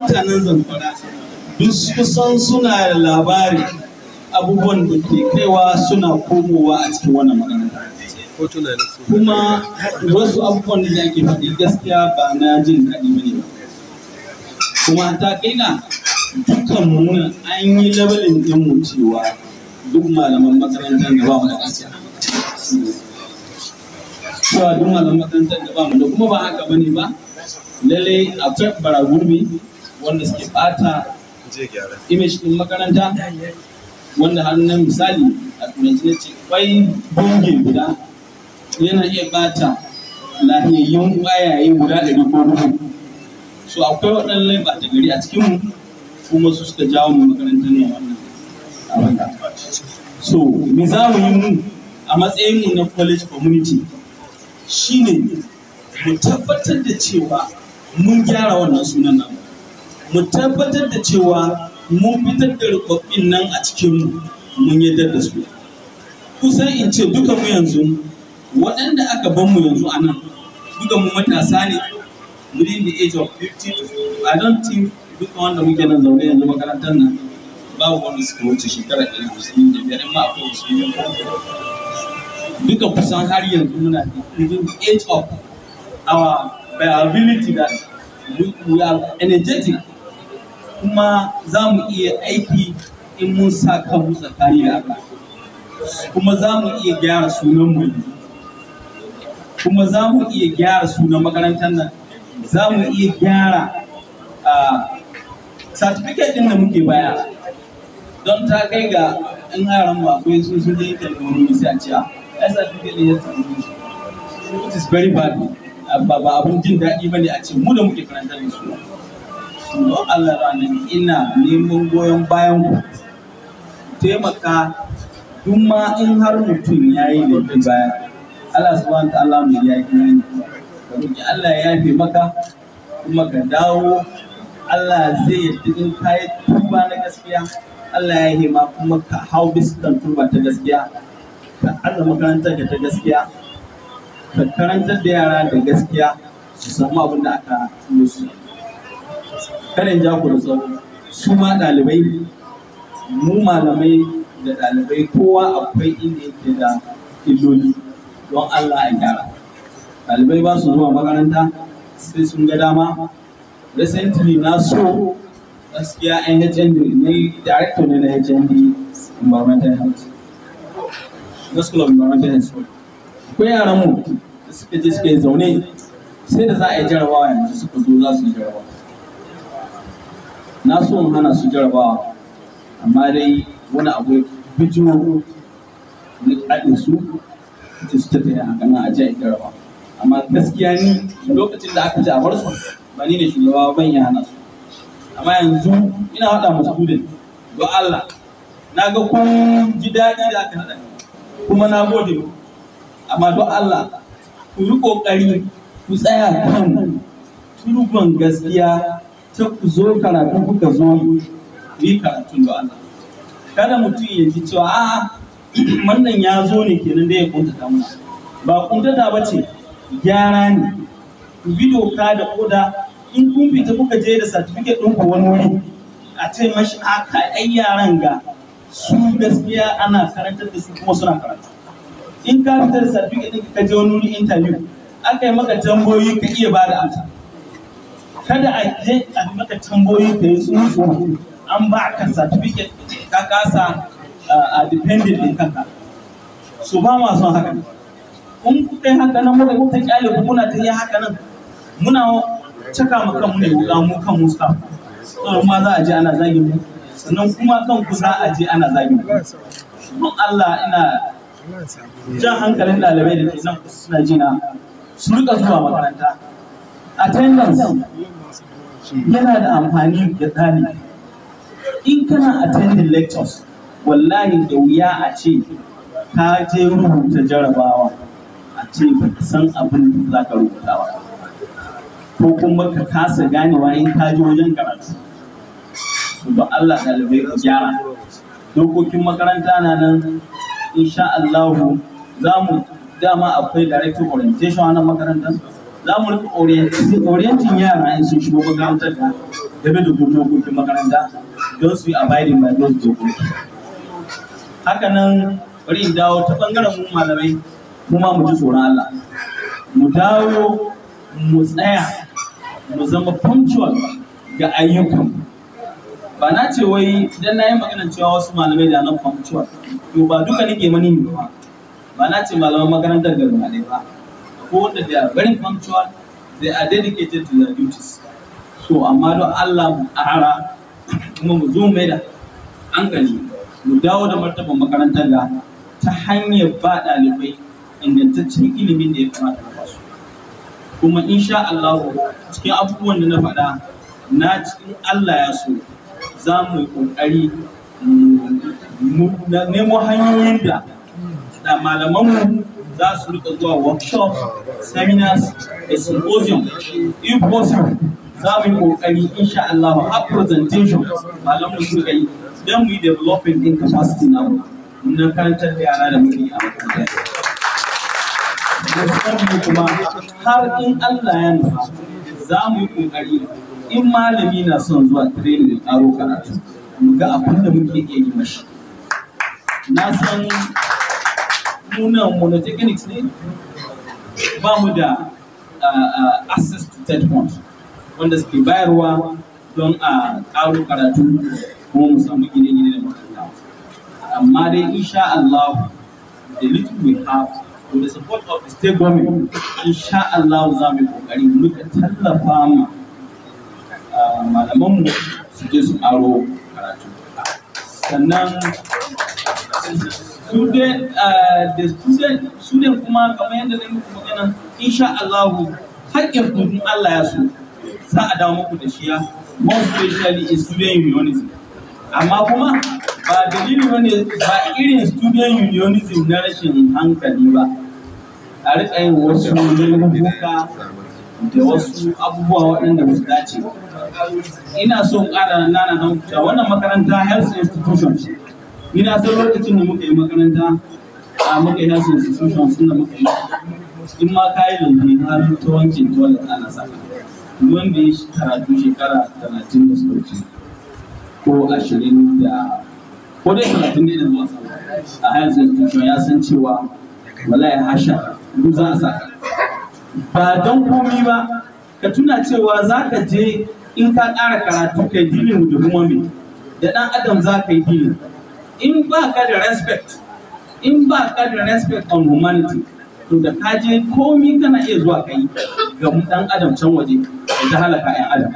mutanen zamfara duk kusan suna da labari abubuwan da ke kaiwa suna komowa a cikin wannan makaranta kuma wasu abubuwan da ke faɗi gaskiya ba na jin daɗi ba ne kuma ta kaina dukkan muna an yi labalin ɗin cewa duk malaman makarantar da ba mu da gaskiya cewa duk malaman makarantar da ba mu da kuma ba haka ba ne ba lallai akwai baragurbi wanda suke bata image din makaranta wanda hannun misali a turanci ne ce kwai bunge guda yana iya bata lahiyayyun kwayaye guda ɗari ko dubu so akwai waɗannan ta gari a cikinmu kuma su suka jawo mu makarantar ne wannan so me za mu yi mu a matsayinmu na college community shine mu tabbatar da cewa mun gyara wannan sunan namu mu tabbatar da cewa mun fitar da rikobin nan a cikinmu mun yadda da su kusan in ce duka mu yanzu waɗanda aka ban mu yanzu a nan duka mu matasa ne within the age of 50 I don't think duka wanda muke nan zaune yanzu makarantar nan babu wanda suka wuce shekara ɗari hamsin da biyar ma akwai wasu yin duka kusan har yanzu muna within the age of our ability that we, we are energetic kuma za mu iya aiki in mun sa kanmu tsakani da Allah kuma za mu iya gyara sunan mu kuma za mu iya gyara sunan makarantar nan za mu iya gyara certificate din da muke baya don ta kai ga in haram ba akwai sun sun yi kalmomi sai a ce a ah, certificate da ya samu it is very bad ba abun jin daɗi ba ne a ce mu da muke karantar da su don Allah da ina neman goyon bayan ku taimaka duk ma in har mutum ya yi da baya Allah subhanahu wa ta'ala mu ya yi ka Allah ya yafe maka kuma ka dawo Allah zai yarda in ka yi tuba na gaskiya Allah ya maka kuma ka hau biskan tuba ta gaskiya ka aza makarantar da ta gaskiya ka karantar da yara da gaskiya su samu abin da aka musu karin ja ku da su ma ɗalibai mu malamai da ɗalibai kowa akwai inda yake da illoli don Allah a gyara ɗalibai ba su zuwa makaranta sai sun ga dama recently na so gaskiya na ne director ne na HND environmental health na school of environmental health akwai yaran mu suka je suka zaune sai da za a yi jarabawa yanzu suka zo za su yi jarabawa na so in hana su jarabawa amma dai wani abu bijiyo na kaɗin su ta su tafi a kan a ji a amma gaskiya ni lokacin da aka ji a bar su ba ni ne shugaba ban ya hana su amma yanzu ina haɗa musu student ga Allah na ga kun ji daɗi da aka haɗa kuma na gode amma don Allah ku yi ƙoƙari ku tsaya kan turban gaskiya ta ku zo karatu kuka zo ni karatun da Allah kada mutum ya ji cewa a wannan ya zo ne kenan da ya kuntata mana ba kuntata ba ce gyara ne ku bi doka da koda in kun fita kuka je da certificate ɗin ku wani wani a ce mashi aka ai yaran ga su gaskiya ana karantar da su kuma suna karatu in ka fita da certificate ɗin ka je wani wani interview aka yi maka tambayoyi ka iya ba da amsa kada a je a maka tambayoyi ka yi tsuntsu an ba ka certificate ka kasa ah, a dependent din kanka su ba ma son haka in kai haka nan muka kuka kyale ku muna ta yi haka nan muna caka ma kanmu ne wuka mu kan mu sa to ma za a je ana zagin mu sannan kuma kan ku za a je ana zagin mu don Allah ina jan hankalin ɗalibai da ke nan suna jina su rika zuwa makaranta attendance yana da amfani ga ɗalibi in kana attending lectures wallahi da wuya a ce ka je rubuta jarabawa a ce ba ka san abin da za ka rubuta ba ko kuma ka kasa ganewa in ka je wajen karatu ba Allah ɗalibai ku gyara dokokin makaranta na nan insha za mu dama akwai Directive orientation a nan makarantar za mu rika orientin yara in sun shigo makarantar da game da dokokin makaranta don su yi abiding by those dokoki haka nan bari in dawo ta bangaren mu malamai kuma mu ji tsoron Allah mu dawo mu tsaya mu zama punctual ga ayyukan ba na ce wai idan na yi maganar cewa wasu malamai da nan punctual to ba duka nake mani ba ba na ce malaman makarantar gargaɗe ba ko wanda they are very punctual they are dedicated to their duties so amma don Allah mu ƙara kuma mu zo mai da hankali mu dawo da martaban makarantar da ta hanyar ba ɗalibai ingantaccen ilimin da ya kamata na basu kuma insha Allah cikin abubuwan da na faɗa na cikin Allah ya so za mu yi ƙoƙari nemo hanyoyin da da malamanmu za su rika zuwa workshops seminars da symposium in person za mu yi kokari insha Allah har presentation malam mu suka yi don mu yi developing capacity na na da yara da muke a makarantar kuma har in Allah ya nufa za mu yi kokari in malami na son zuwa training da karatu mu ga abin da muke iya yi mashi na san muna monotechnics ne ba mu da access to third point wanda suke bayarwa don a ƙaro karatu ko mu samu gine-gine da makaranta amma dai insha Allah the little we have with the support of the state government insha Allah za mu kokari muka tallafa ma malaman mu su je su aro karatu sannan student da eh, student student kuma kamar yadda na muku magana insha Allah haƙƙin kudin Allah ya so za a dawo muku da shi ya most especially in student unionism amma kuma ba dalilin wani ba irin student unionism na rashin hankali ba a riƙa yin wasu laifuka da wasu abubuwa waɗanda wasu su dace ina so in ƙara nana nan wannan makaranta health institution ni na san lokacin da muka yi makaranta a muka yi hasin institution sun da muka yi in ma kayi harin ta ta da toilet ana saka wanda ya karatu shekara talatin da suka wuce ko ashirin da ko dai talatin ne da zuwa a hayan institution ya san cewa ya hasha duk za a sa. ba don komi ba ka tuna cewa za ka je in ka ƙara karatu kai dilin da kuma me da ɗan adam za ka yi dilin in ba ka da respect in ba ka da respect on humanity to da ka je komi kana iya zuwa kai ga dan adam can waje da ta halaka yan adam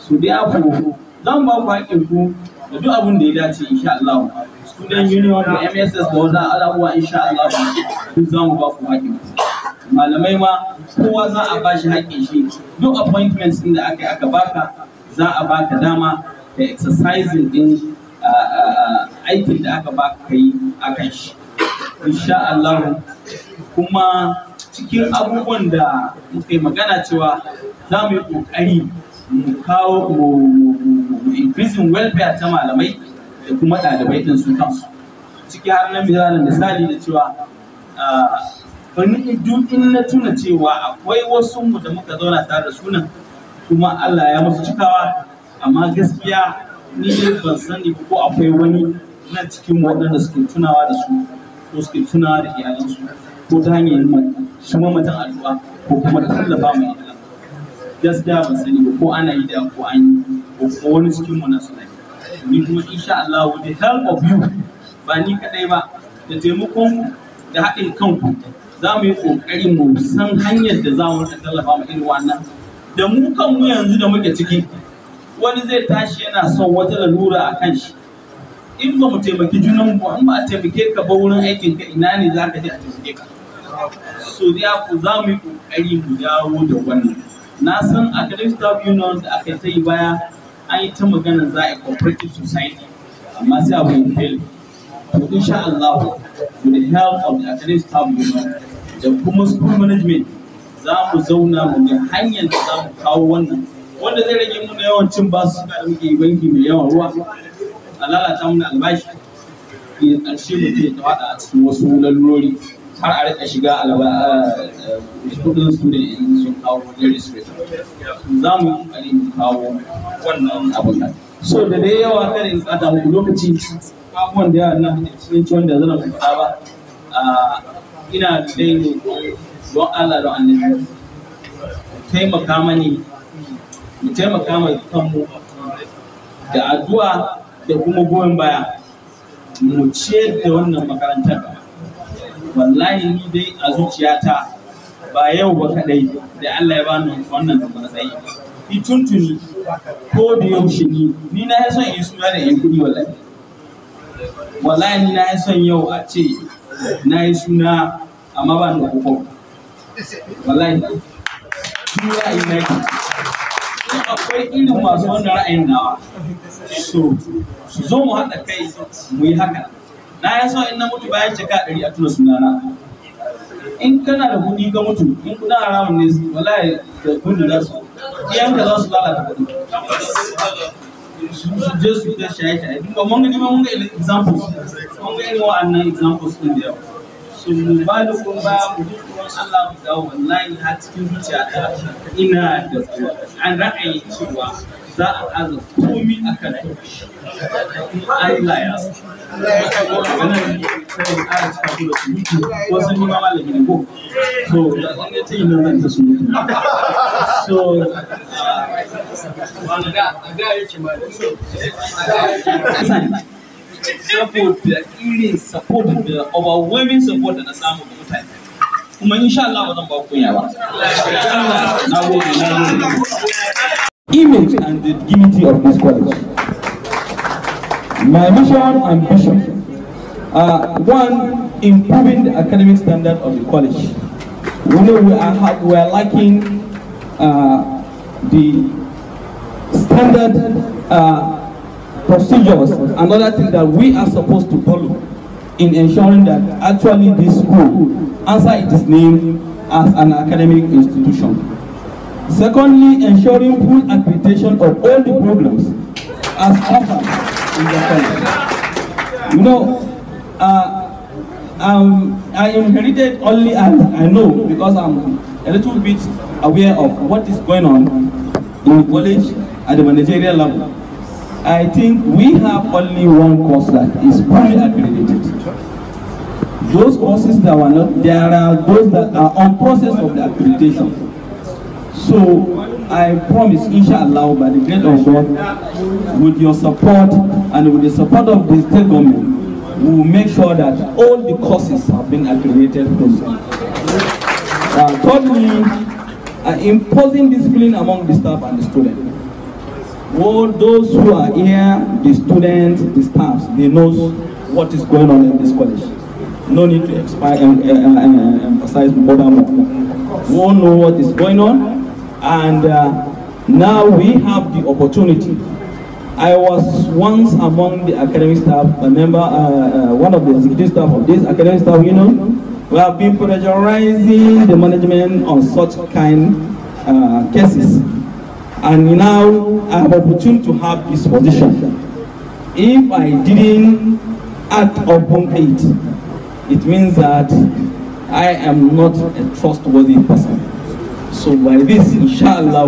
su dai aku mu ba ku haƙƙin ku da duk abin da ya dace insha Allah student union da MSS da wata uwa insha Allah duk za mu ba ku haƙƙin ku malamai ma kowa za a ba shi haƙƙin shi duk appointments din da aka aka baka za a baka dama da exercising din aikin da aka baka ka yi a kan shi insha Allah kuma cikin abubuwan da muka yi magana cewa za mu yi ƙoƙari mu kawo mu increasing welfare ta malamai da kuma ɗalibai ɗin su kansu ciki har na misalin misali da cewa wani ah, in na tuna cewa akwai wasu mu da muka zauna tare da sunan kuma Allah ya musu cikawa amma gaskiya ni ban sani ko akwai wani na cikin waɗanda suke tunawa da su ko suke tunawa da iyalansu ko ta hanyar shi mamatan addu'a ko kuma tallafa mai iyalan gaskiya ban sani ko ana yi da ko an yi ko kuma wani cikin mu na suna ni kuma insha Allah with the help of you ba ni kadai ba da taimakon da haɗin kanku za mu yi ƙoƙari mu san hanyar da za mu rika tallafa irin wannan da mu kanmu yanzu da muke ciki wani zai tashi yana son wata lalura a kan shi in ba mu taimaki junan mu an ba a taimake ka ba wurin aikin ka ina ne za ka je a taimake ka so ku za mu yi kokari mu dawo da wannan na san academic staff union da aka ta yi baya an yi ta magana za a cooperative society amma sai abu yin fail to insha Allah with the help of the academic staff union da kuma school management za mu zauna mu ga hanyar da za mu kawo wannan wanda zai rage muna yawancin cin basu da muke banki mai yawan ruwa a lalata mana albashi ya ƙarshe mutum ya tawada a cikin wasu lalurori har a rika shiga kudin su da in sun kawo wajen restriction za mu kokari mu kawo wannan abin nan so da dai yawa kada in tsada muku lokaci abubuwan da yawa na cikin ciwon da zan faɗa ba ina da dai don Allah don annabi taimaka mani mu taimaka mai kanmu da addu'a da kuma goyon baya mu ciyar da wannan makarantar wallahi ni dai a zuciyata ba yau ba kadai da Allah ya bani wannan matsayi ni tuntuni ko da yaushe ni ni na yi son in suna da yan kudi wallahi wallahi ni na yi son yau a ce na yi suna amma ba ni da kokon wallahi ni ra'ayi na akwai irin masu wannan ra'ayin nawa so su zo mu haɗa kai mu yi haka na ya so in na mutu bayan cika ɗari a tuna sunana in kana da kuɗi ka mutu in kuna haramun ne wallahi da kundu da su ka za su lalata kuɗi su je su ta shaye shaye duka mun ga mun ga examples mun ga irin wa'annan examples ɗin da yawa sun ba da kun ba mu kuma Allah mu wallahi cikin zuciyata ina da an ra'ayi cewa za a ƙaza komi a kan Allah ya san wannan wasu ni ma malami ne ko so da zan ga tayi nan zan ta mutu so uh, wanda da ga yake saboda irin support da overwhelming support da na samu da mutane kuma insha Allah ba zan ba na gode na gode image and the dignity of this college my mission and vision are one improving the academic standard of the college we know we are, we are lacking uh, the standard uh, procedures and other things that we are supposed to follow in ensuring that actually this school answer its name as an academic institution. Secondly, ensuring full accreditation of all the programs as offered in the college. You know, uh, um, I inherited only as I know because I'm a little bit aware of what is going on in the college at the managerial level. I think we have only one course that is fully accredited. Those courses that were not, there are those that are on process of the accreditation. So I promise, inshallah, by the grace of God, with your support and with the support of the state government, we will make sure that all the courses have been accredited properly. Uh, thirdly, uh, imposing discipline among the staff and the students. all those who are here, the students, the staff, they know what is going on in this college. No need to expire and um, uh, uh um, um, emphasize more. We all know what is going on, and uh, now we have the opportunity. I was once among the academic staff, a member, uh, uh one of the executive staff of this academic staff You know, We have been pressurizing the management on such kind uh, cases. and now I have opportunity to have this position. If I didn't act upon it, it means that I am not a trustworthy person. So by this, inshallah,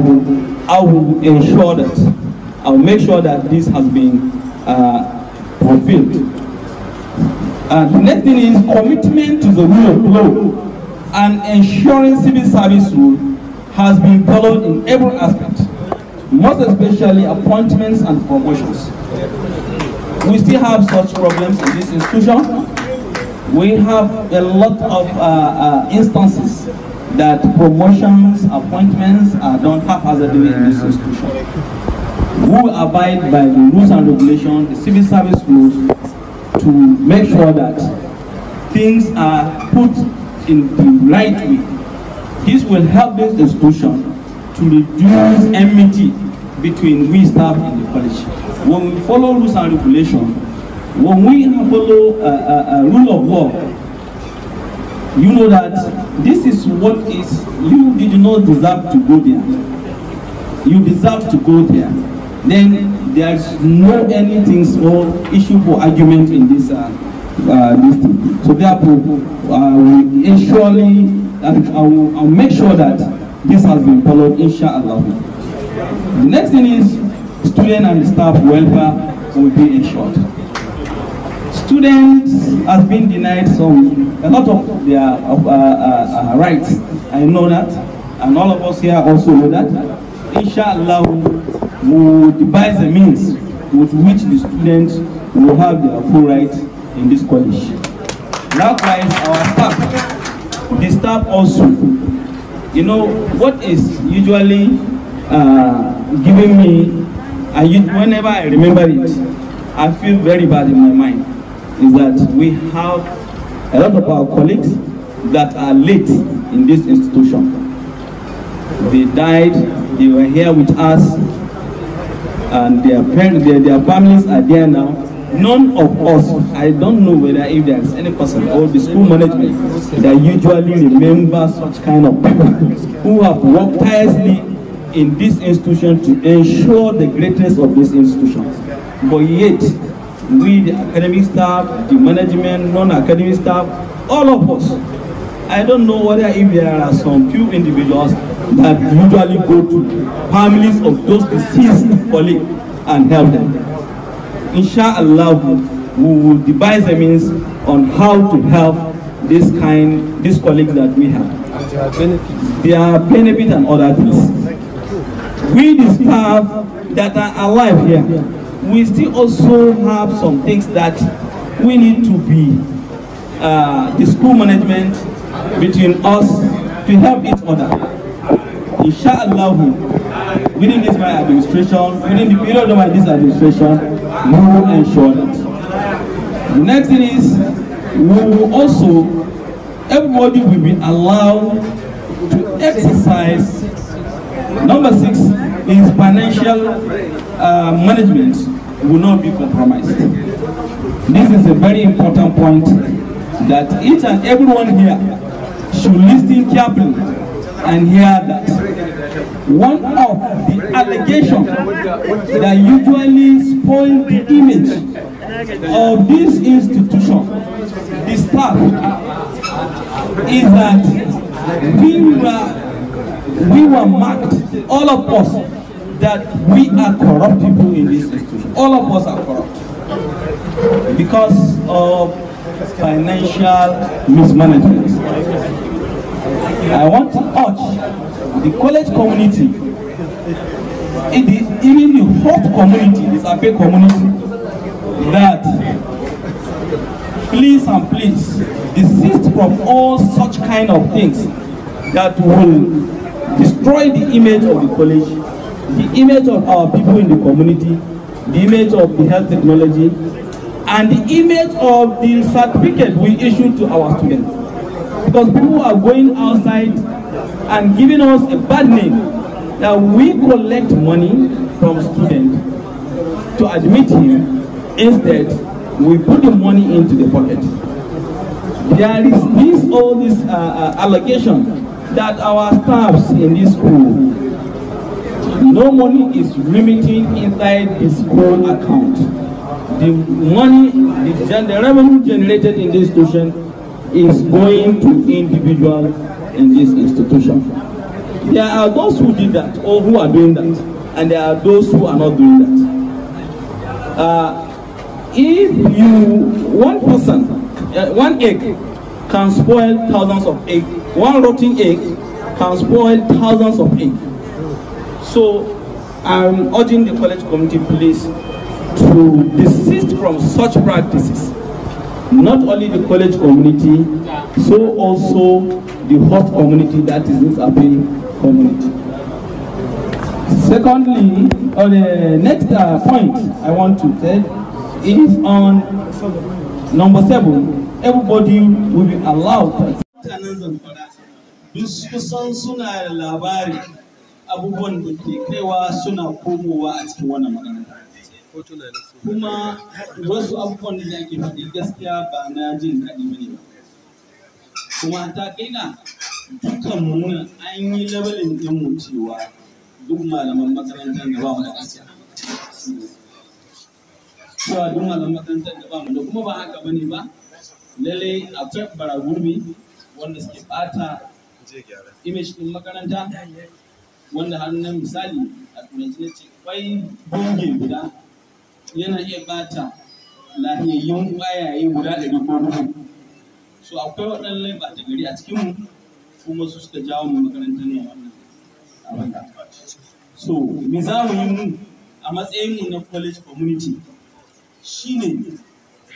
I will ensure that, I will make sure that this has been uh, fulfilled. And uh, the next thing is commitment to the rule of law and ensuring civil service rule has been followed in every aspect. most especially appointments and promotions. We still have such problems in this institution. We have a lot of uh, uh, instances that promotions, appointments are done haphazardly in this institution. We abide by the rules and regulations, the civil service rules, to make sure that things are put in the right way. This will help this institution to reduce enmity between we staff in the college. When we follow rules and regulations, when we follow a, a, a rule of law, you know that this is what is, you did not deserve to go there. You deserve to go there. Then there's no anything or issue for argument in this, uh, uh, this thing. So therefore, uh, we surely, uh, I'll uh, make sure that This has been followed, insha'Allah. The next thing is student and staff welfare will be ensured. Students have been denied some a lot of their uh, uh, uh, rights. I know that, and all of us here also know that. Inshallah, we will devise a means with which the students will have their full rights in this college. Likewise, our staff, the staff also you know, what is usually uh, giving me, I, whenever I remember it, I feel very bad in my mind, is that we have a lot of our colleagues that are late in this institution. They died, they were here with us, and their, parents, their, their families are there now, none of us i don't know whether if there is any person or the school management that usually remember such kind of people who have worked tirelessly in this institution to ensure the greatness of this institution but yet we the academic staff the management non-academic staff all of us i don't know whether if there are some few individuals that usually go to families of those deceased colleagues and help them Inshallah, we will devise a means on how to help this kind, this colleague that we have. Their benefit. Their and other things. We, the staff that are alive here, we still also have some things that we need to be, uh, the school management between us to help each other. Inshallah, within this my administration, within the period of this administration, more ensured. The next thing is we will also everybody will be allowed to exercise number six is financial uh, management will not be compromised. This is a very important point that each and everyone here should listen carefully and hear that. one of the allegations that usually spoil the image of this institution, the staff, is that we were, we were marked, all of us, that we are corrupt people in this institution. All of us are corrupt because of financial mismanagement. I want to urge the college community in the even the hot community the sape community that please and please desist from all such kind of things that will destroy the image of the college the image of our people in the community the image of the health technology and the image of the certificate we issue to our students because people are going outside and giving us a bad name that we collect money from students to admit him. Instead, we put the money into the pocket. There is this all this uh, uh, allegation that our staffs in this school no money is limiting inside the school account. The money, the, the revenue generated in this institution is going to individual in this institution. There are those who did that or who are doing that, and there are those who are not doing that. Uh, if you, one person, uh, one egg can spoil thousands of eggs, one rotting egg can spoil thousands of eggs. So I'm urging the college community, please, to desist from such practices not only the college community, so also the host community that is this appeal community. Secondly, on the next uh, point I want to tell is on number seven, everybody will be allowed. kusan suna labari abubuwan da ke kaiwa suna komowa a cikin wannan magana. kuma wasu abubuwan da ake faɗi gaskiya ba na jin daɗi ba ne ba. kuma ta kai dukkan muna an yi labalin ɗinmu cewa duk malaman makarantar da ba mu da gaskiya duk malaman makarantar da ba mu da kuma ba haka ba ne ba a akwai baragurmi wanda suke ɓata image ɗin makaranta wanda hannun misali a turanci ne ce kwai bungin guda yana iya ɓata lahiyayyun ƙwayaye guda ɗari ko dubu so akwai waɗannan ba ta gari a cikinmu kuma su suka jawo mu makarantar ne wannan so me za mu yi mu a matsayin mu na college community shine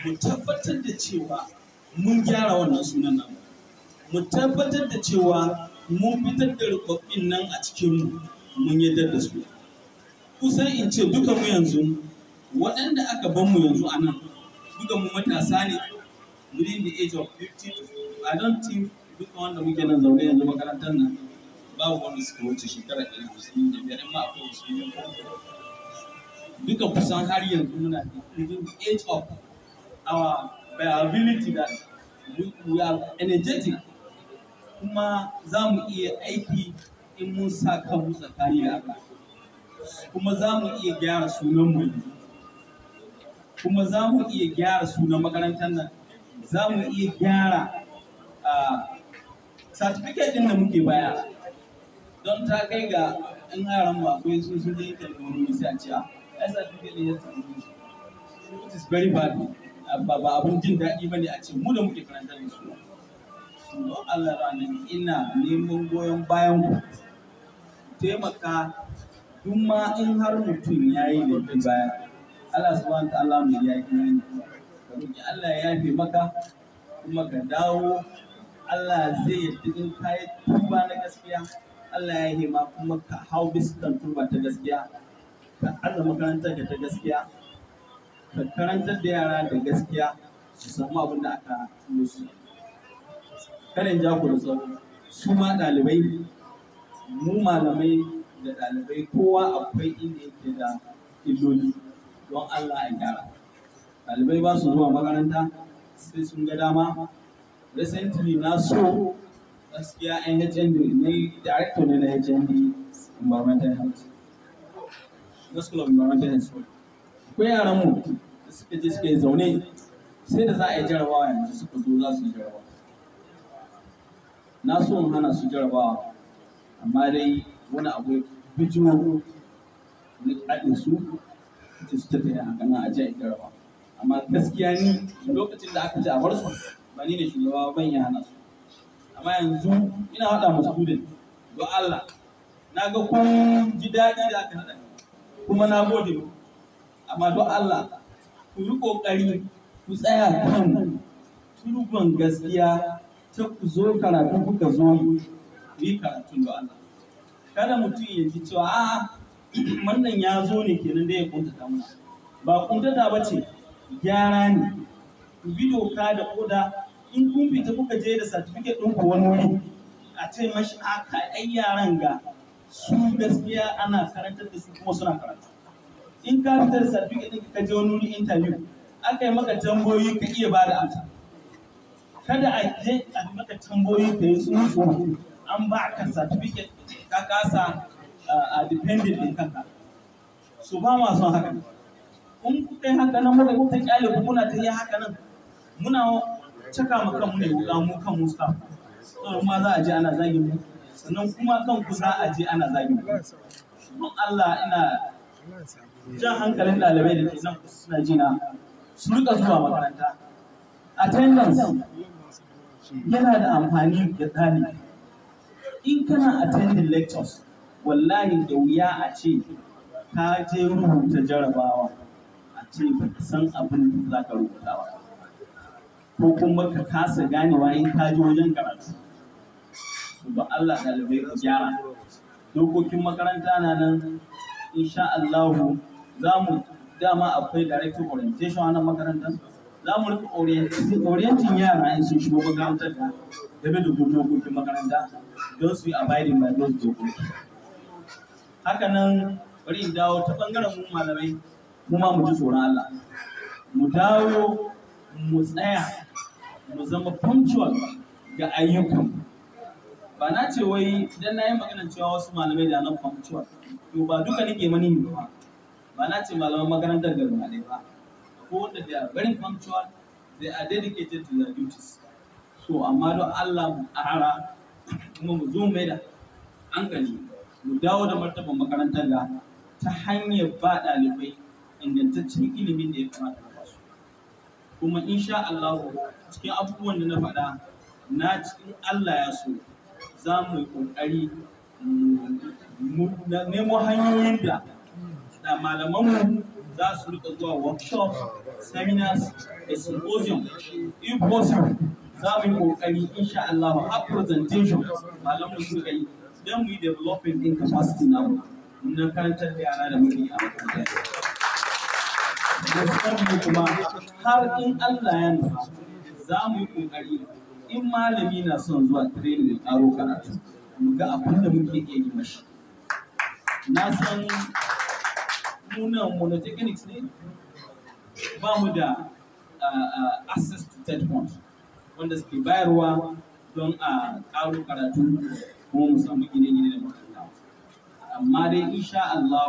mu tabbatar da cewa mun gyara wannan sunan nan mu tabbatar da cewa mun fitar da rubabbin nan a cikin mun yadda da su kusan in ce duka mu yanzu waɗanda aka ban mu yanzu a nan duka mu matasa ne within the age of 50 I don't think duka wanda muke nan zaune yanzu makarantar nan babu wanda suka wuce shekara ɗari yi da biyar ma akwai wasu yin duka kusan har yanzu muna within the age of our viability that we, we are energetic kuma za mu iya aiki in mun sa kanmu tsakani da aka kuma za mu iya gyara mu yanzu kuma za mu iya gyara sunan makarantar nan za mu iya gyara certificate din da muke baya don ta kai ga in yaran mu akwai sun sun je wani sai a ah, certificate ya tsamu it is very bad ba ba abun jin daɗi bane a ce mu da muke karanta da su don Allah rana ina neman goyon bayan ku taimaka duk ma in har mutum yayi da baya Allah subhanahu ta'ala mai ya yi ka Allah ya yafe maka kuma ka dawo Allah zai yi in ka tuba na gaskiya Allah ya yi ma kuma ka hau bisikan tuba ta gaskiya ka aza makarantar da ta gaskiya ka karantar da yara da gaskiya su samu abin da aka musu karin ja ku da tsaro su ma ɗalibai mu malamai da ɗalibai kowa akwai inda yake da illoli don Allah ya gyara ɗalibai ba su zuwa makaranta sai sun ga dama recently na so gaskiya HND ne director ne na HND environmental health na school of environmental health akwai yaran mu da suka je suka yi zaune sai da za a yi jarabawa yanzu suka zo za su yi jarabawa na so in hana su jarabawa amma dai wani abu bijiyo na a su ita su tafiya a kan a ji a amma gaskiya ni lokacin da aka ji a bar su ba ni ne shugaba ban ya hana su amma yanzu ina haɗa mu student don Allah na ga kun ji daɗi da aka haɗa kuma na gode amma don Allah ku yi ƙoƙari ku tsaya kan turban gaskiya ta ku zo karatu kuka zo yi karatun don Allah kada mutum ya ji cewa a'a wannan ya zo ne kenan da ya kuntata mana ba kuntata ba ce gyara ne ku bi doka da koda in kun fita kuka je da certificate ɗin ku wani wuri a ce mashi aka ai yaran ga su gaskiya ana karantar da su kuma suna karatu in ka fita da certificate ɗin ka je wani interview aka yi maka tambayoyi ka iya ba da amsa kada a je a maka tambayoyi ka yi tsuntsu an ba ka certificate ka kasa a dependent din kanka Su ba ma son haka in ku kai haka nan muka kuka kyale ku kuna ta yi haka nan muna caka mu kanmu ne wuka mu kan mu suka to ma za a je ana zagin mu sannan kuma kan ku za a je ana zagin mu don Allah ina jan hankalin ɗalibai da ke nan suna jina su rika zuwa makaranta attendance yana da amfani ga ɗalibi in kana attending lectures wallahi da wuya a ce ka je rubuta jarabawa a ce ba ka san abin da za ka rubuta ba ko kuma ka kasa ganewa in ka je wajen karatu ba Allah ɗalibai ka gyara dokokin makaranta na nan insha Allahu za mu dama akwai direct orientation a nan makarantar za mu rika orientin yara in sun shigo makarantar da game da dokokin makaranta don su yi abiding by those dokokin Hakanan, nan bari in dawo ta bangaren mu malamai mu ma mu ji tsoron Allah mu dawo mu tsaya mu zama punctual ga ayyukan ba na ce wai idan na yi maganar cewa wasu malamai da nan punctual to ba duka nake mani ba ba na ce malaman makarantar ga gaba ba ko wanda da very punctual they are dedicated to their duties so amma don Allah mu ƙara kuma mu zo mai da hankali mu dawo da martaban makarantar da ta hanyar ba ɗalibai ingantaccen ilimin da ya kamata na basu kuma insha Allah cikin abubuwan da na faɗa na cikin Allah ya so za mu yi ƙoƙari mu nemo hanyoyin da da malamanmu za su rika zuwa workshops seminars da symposium in za mu yi ƙoƙari insha Allah a presentation malamanmu su yi don mu yi development din capacity na mu na karantar da yara da a makaranta gaskiyar kuma har in Allah ya nufa za mu yi kokari in malami na son zuwa training da karo karatu mu ga abin da muke iya yi mashi na san nunan monotechnics ne ba mu da access to wanda suke bayarwa don a karo karatu kuma mu samu gine-gine da makaranta amma dai insha Allah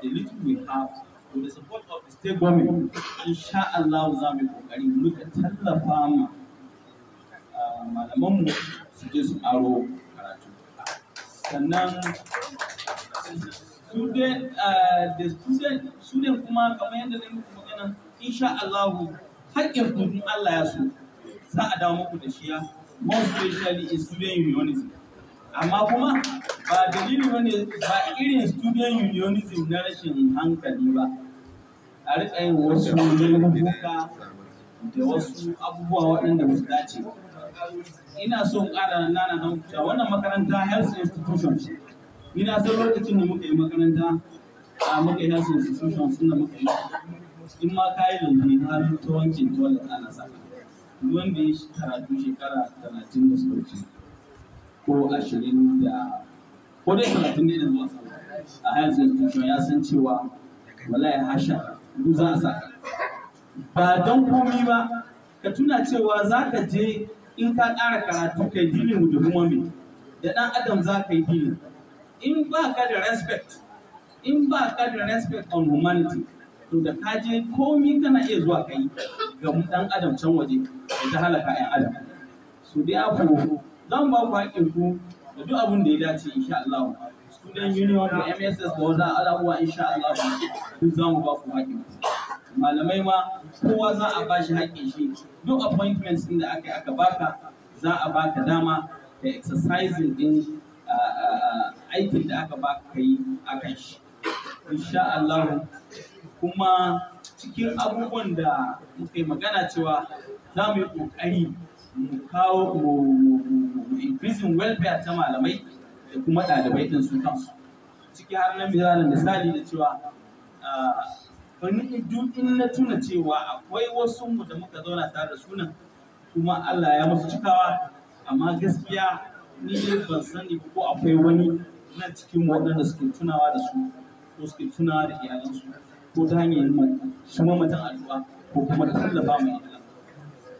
the little we have with the support of the state government insha Allah za mu kokari muka tallafa ma ah, malaman mu su je su aro karatu sannan su da ah, kuma kamar yadda na yi muku magana insha Allah haƙƙin kudin Allah ya so za a dawo muku da shiya most especially in student unionism amma kuma ba dalili wani ba irin student unionism na rashin hankali ba a rika yin wasu da wasu abubuwa waɗanda su dace ina so in ƙara nana don kuta wannan makaranta health institution ce ina so lokacin da muka yi makaranta a muka yi health institution suna muka yi in ma kayi ne har ta wankin ana saka wanda ya karatu shekara talatin da suka ko ashirin da ko dai talatin ne da a higher institution ya san cewa wallahi hasha za a sa ba don komi ba ka tuna cewa za ka je in ka ƙara karatu kai dini da kuma me da ɗan adam za ka yi dilin in ba ka da respect in ba ka da respect on humanity to da ka je komi kana iya zuwa kai ga ɗan adam can waje da ta halaka 'yan adam su dai abu mu ba ku haƙƙin ku da duk abin da ya dace insha Allah student union da MSS da wanda al'abuwa insha Allah duk za mu ba ku haƙƙin ku malamai ma kowa za a ba shi haƙƙin shi duk appointments din da aka aka baka za a baka dama da exercising din aikin da aka baka kai akan shi insha Allah kuma cikin abubuwan da muke magana cewa za mu yi ƙoƙari mu kawo mu increasing welfare ta malamai da kuma ɗalibai ɗin su kansu ciki har na misalin misali da cewa duk in na tuna cewa akwai wasu mu da muka zauna tare da sunan kuma Allah ya musu cikawa amma gaskiya ni ne ban sani ko akwai wani na cikin waɗanda suke tunawa da su ko suke tunawa da iyalansu ko ta hanyar yi su mamatan addu'a ko kuma tallafa mai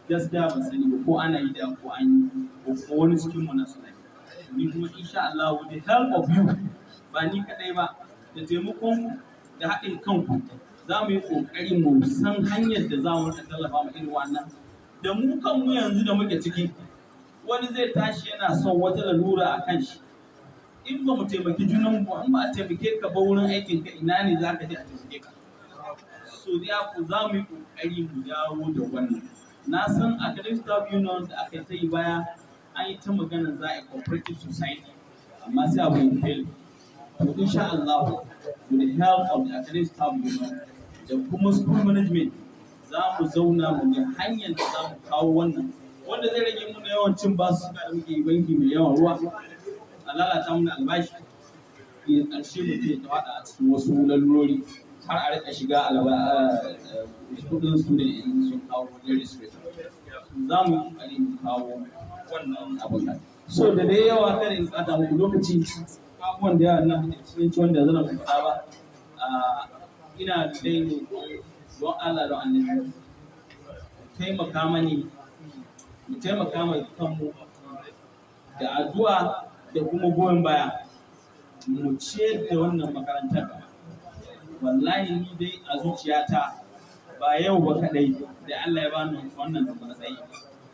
gaskiya ban sani ba ko ana yi da ko an yi ko wani cikin mu na suna ni kuma insha Allah with the help of you ba ni kadai ba da taimakon da haɗin kanku za mu yi ƙoƙari mu san hanyar da za mu tallafa ma irin wannan da mu kan mu yanzu da muke ciki wani zai tashi yana son wata lalura a kan shi in ba mu taimaki junan mu in ba a taimake ka ba wurin aikin ka ina ne za ka je a taimake ka so za mu yi ƙoƙari mu dawo da wannan na san a Union da aka ta yi baya an yi ta magana za a cooperative society amma sai abu ya fail to insha Allah with the help of the academic union da kuma school management za mu zauna mu ga hanyar da za mu kawo wannan wanda zai rage muna yawan cin basu da muke banki mai yawan ruwa a lalata mana albashi ya ƙarshe mutum ya tawada a cikin wasu lalurori har a rika shiga alba kudin su da in sun kawo daris za mu kokari mu kawo wannan abin so da dai yawa kada in tsada muku lokaci abubuwan da yawa na cikin ciwon wanda zan faɗa ba ina da dai don Allah don annabi taimaka mani mu taimaka mai kanmu da addu'a da kuma goyon baya mu ciyar da wannan makarantar wallahi ni dai a zuciyata ba yau ba kadai da Allah ya bani wannan matsayi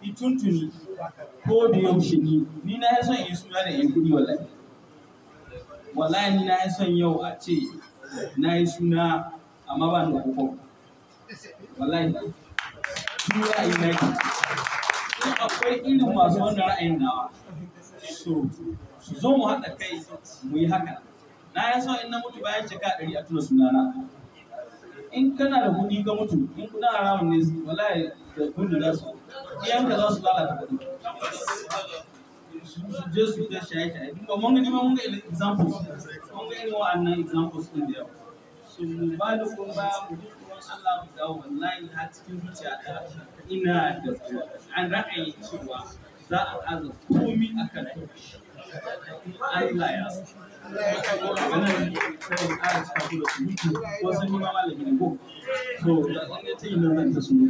ni tuntuni ko da yaushe ni ni na son in suna da in kudi wallahi wallahi ni na son yau a ce na yi suna amma ba ni kokon wallahi su ra'ayi na ki akwai irin masu wannan ra'ayin nawa so zo mu haɗa kai mu yi haka na ya so in na mutu bayan shekara ɗari a tuna sunana in kana da kuɗi ka mutu in kuna haramun ne wallahi da kudu za su iyanka za su lalata kuɗi su je su ta shaye shaye duk ba mun ga mun ga examples mun ga irin wa'annan examples din da yawa so mu ba da kun ba mu ji Allah mu dawo wallahi har cikin zuciya ta ina da an ra'ayi cewa za a aza komi akan kuɗi Allah ya wannan sai a cika ku da su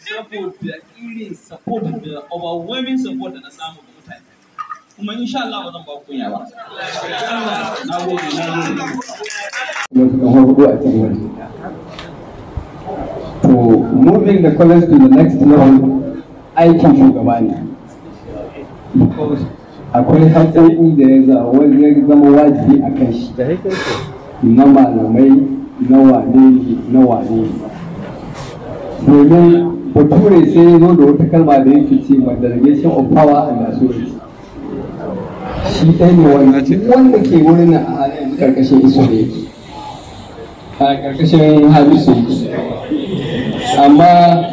so da saboda irin support da overwhelming support da na samu ga mutane kuma insha Allah ba zan ba kunya ba na gode na gode na kuma a moving the college to the next level aikin shugaba ne akwai hatsari da ya za zama wajibi a kan shi na malamai na wane na wane domin bature sai ya zo da wata kalma da yake ce ma delegation of power and authority shi ɗaya ne wanda ke wurin a ƙarƙashin iso a ƙarƙashin hamisu yake amma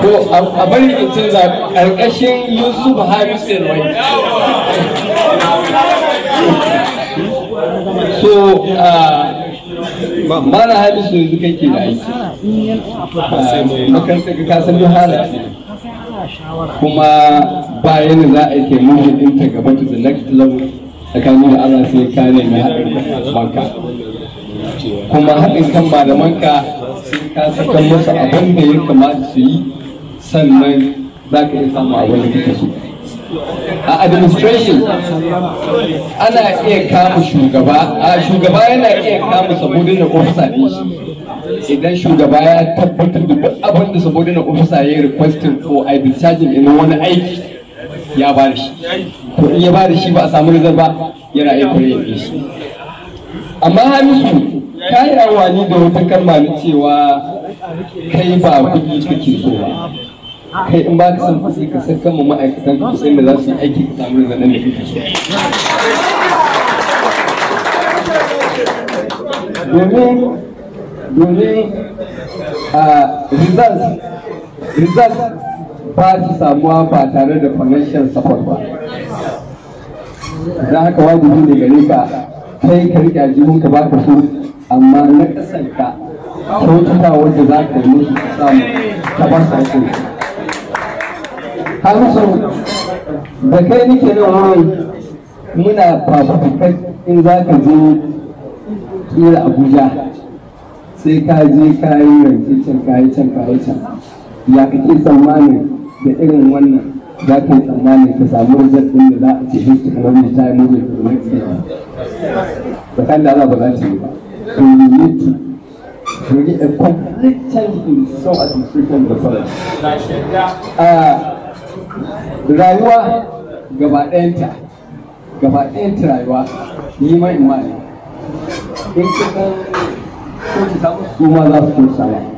to a bari in canza ƙarƙashin so ke da aiki kuma bayan za a yi taimakon ta gaba to the next level tsakanin da Allah sai ka nemi haɗin kanka kuma haɗin kan malamanka sai ka saka musu abin da ya kamata su yi sannan za ka iya samu abin da kake so a administration ana iya kama shugaba a shugaba yana iya kama saboda na ofisa ne shi idan shugaba ya tabbatar da duk abin da saboda ofisa ya yi requesting for a discharging in wani aiki ya ba da shi to in ya ba da shi ba a samu rizal ba yana iya kure ya shi amma hamisu ta yi awani da wata kalma na cewa kai ba kuɗi kake so ba kai in ba ka san kuɗi ka san kama ma'aikatan ka kusa da za su yi aiki ka samu rizal nan da kake so domin domin a ah, result ba ta samuwa ba tare da financial support ba ka haka wajibi ne gare ka kai ka rike ka ba ka so amma na kasanka kyautuka wanda za ka yi musu samu ta ba su haƙƙi hamsin da kai nake nan wani muna fafutukar in za ka je kira abuja sai ka je ka yi can ka yi can ka yi can ya kake tsammanin da irin wannan za ka yi tsammanin ka samu rizal ɗin da za a ce shi cikin kalmar ta yi mujin da next ba da kan da ba za ta yi ba so you need to yi a complete change in so as you frequent the college ah, rayuwa gaba ɗayanta gaba ɗayanta rayuwa yi mai imani in ka ko ki samu su ma za su ko ba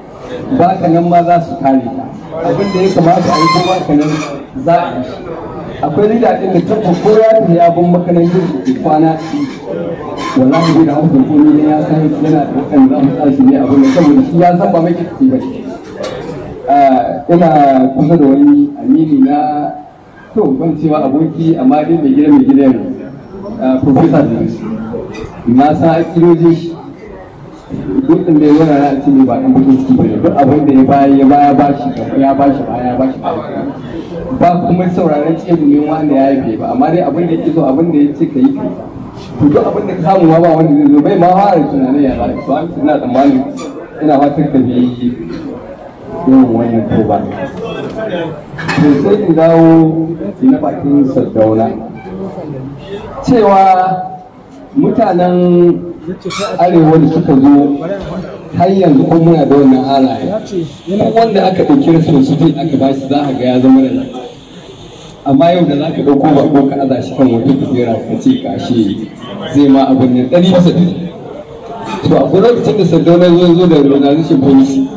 ba ka nan ma za su kare abin da ya kamata a yi ko ba ka nan za a yi akwai rida ɗin da tabbar ko ya tafi ya bin makarantar kwana Wala bai da hukun ko ne ya san yana da wakan za mu tashi ne abin da saboda shi ya san ba mai kike ba ah, ina kusa da wani amini na to ban cewa aboki amma dai mai gida mai gida ne ah, professor na sa shi dukkan da ya wura na ce ne ba ɗan bukin ciki ne, duk abin da ya baya ya baya ba shi ya ba shi baya ya ba shi baya ba kuma sauraron ilimin wanda ya haife ba amma dai abin da yake so abin da ya ce ka yi ka yi duk abin da ka samu ma ba wanda zai zo bai ma fara tunanin ya zai to an ina tsammani ina fatan ka bi yin wannan ko ba to sai in dawo na bakin sardauna cewa mutanen arewa da suka zo har yanzu ko muna da wannan halaye ko wanda aka ɗauki rasu su responsibility aka ba shi za a ga ya zama da amma yau da za ka ɗauko ba ko ka aza shi kan wata kujera ka ce ka shi zai ma abin nan ɗari bisa ɗari to a kuma lokacin da sardauna zo zo da organization policy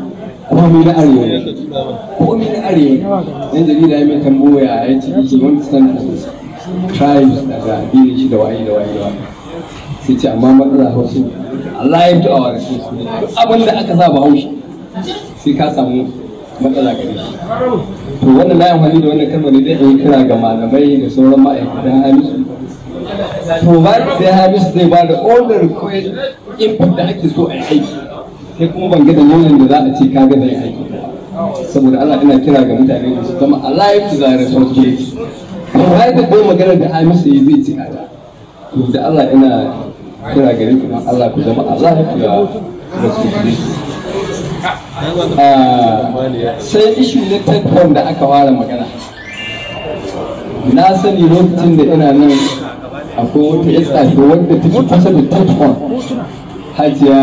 kuma mu na arewa ne ko mu na arewa yan jarida ya mai tambaya ya ce wani stand tribes daga addinin shi da waye da waye da waye sai ce amma matsala wasu Allah ya ta'awa wa su abin Abinda aka sa bahaushe sai ka samu matsala gare shi to wannan na amfani da wannan kalmar da zai yi kira ga malamai da sauran ma'aikatan hamisu to ba sai hamisu zai ba da order ko input da ake so a yi aiki sai kuma ban ga dalilin da za a ce kaga zai aiki saboda Allah ina kira ga mutane da su zama Allah ya ta to their responsibility to har da magana da hamisu zai ci to da Allah ina kira gare ku Allah ku zama Allah ku ga musulmi sai ishu na tattalin da aka ware magana na sani lokacin da ina nan akwai wata yasa da wadda take kusa da tattalin hajiya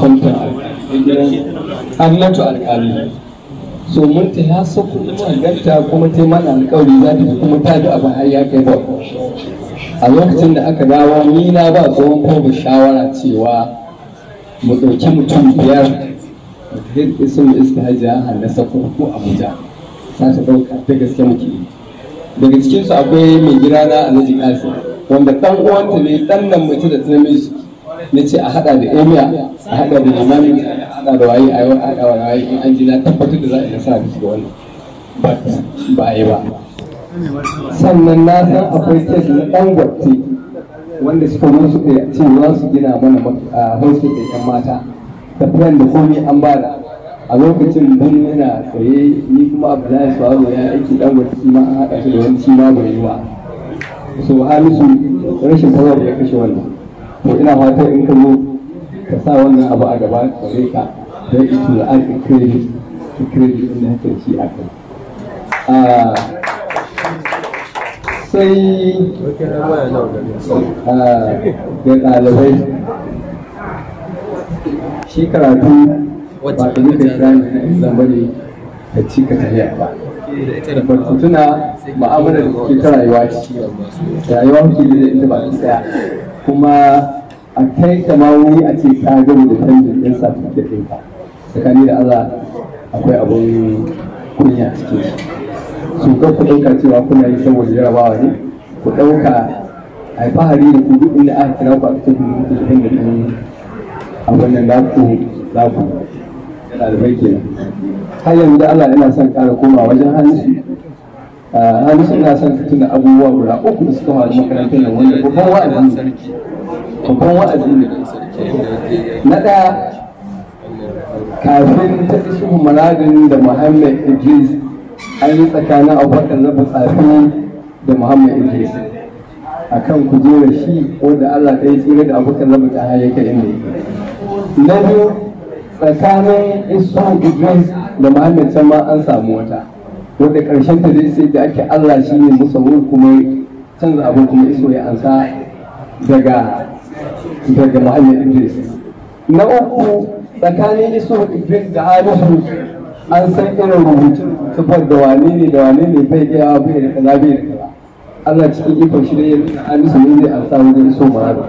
sultan annatu alƙali so mun ta ya sako inganta kuma ta mana alƙawari za ta kuma ta bi abin har ya kai ba a lokacin da aka dawo ni na ba tsohon kowa shawara cewa mu ɗauki mutum biyar da sun iska ya hannu sako ko abuja za ta ɗauka ta gaske muke daga cikinsu akwai mai gida na alhaji kasi wanda ɗan uwanta ne ɗan nan mace da ta mai na ce a haɗa da emiya a haɗa da limamin ana da waye a yau ana da waye in an ji na tabbatar da za a sa mishi ga wannan ba a yi ba sannan na san akwai kes na ɗan gwabce wanda suka zo su kai cewa su gina mana da yan mata da plan da komai an bada a lokacin mun yana tsaye ni kuma abdullahi da ya aiki dan gwabce shi ma an haɗa shi da wani shi ma bai yi wa so halisu rashin tsawon ya kashe wannan to ina fatan in ka zo ka sa wannan abu a gaba gare ka sai ita da aka kredit ta kredit inda haka shi a kai ah, sai ah, ga ɗalibai shi karatu ba ka nuka kira ne zamba ne ka ci ka tafiya ba ku tuna ma'amalar da kuke ta rayuwa ce rayuwa kuke da ita ba ta tsaya kuma a kai ta ma wani a ce ta gani da canjin ɗin certificate ɗinka tsakani da Allah akwai abun kunya cikin shi su ga ku ɗauka cewa kuna yi saboda jarabawa ne ku ɗauka a fahari da ku duk inda aka kira ku a cikin rubutu da ɗin ɗin abin nan za ku za ku ɗalibai kenan har yanzu da Allah yana son ƙara koma wajen hannu. Ah, hannu ina son tuna abubuwa guda uku da suka faru makarantar nan wanda ko kowa da sarki babban wa'azi ne na ɗaya kafin ta isu muradin da muhammad idris an yi tsakanin abubakar na tsafi da muhammad idris a kan kujerar shi wanda allah ta yi tsira da abubakar na tsaha yake inda na biyu tsakanin isu idris da muhammad can ma an samu wata wadda ƙarshen ta zai sai da ake allah shi ne musamman kuma canza abin kuma iso ya ansa daga daga Muhammad Idris na uku tsakanin iso Idris da Alisu an san irin rubutun tufar da wane ne da wane ne bai wa bai da kaza bai da kaza Allah cikin ikon shi da ya Alisu ne zai alsa da iso mara.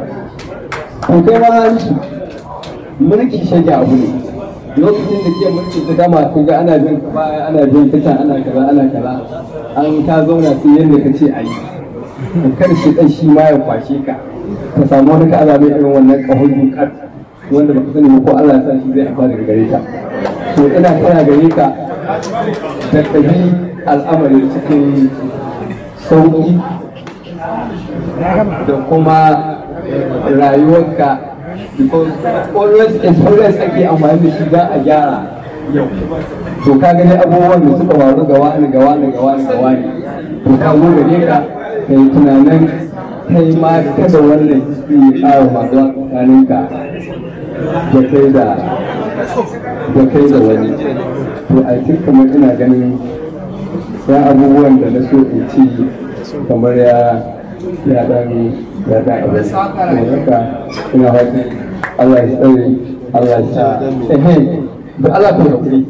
to kai ma Alisu mulki shage abu ne lokacin da ke mulki ta gama kun ga ana bin baya ana bin fita ana kaza ana kaza an ka zauna sai yadda ka ce a yi kar shi ɗan shi ma ya kwashe ka ka samu wani ka ala mai irin wannan kahon dukkan, wanda baka sani ko Allah ya shi zai amfana da gare ka to ina kana gare ka da ɗabi al'amari cikin sauƙi da kuma rayuwarka because always experience ake amfani da shi za a gyara yau to ka gani abubuwan da suka faru gawa ni gawa, wani gawa ni gawa wani to ka gode ne ka kai tunanin kai ma kada wannan ciki ya ƙara faruwa tsakaninka da kai da da kai da wani to a cikin kamar ina ganin ya abubuwan da na so in ci kamar ya ya dan ya dan abu haka ina fata Allah ya tsare Allah ya sa eh da Allah ta hakuri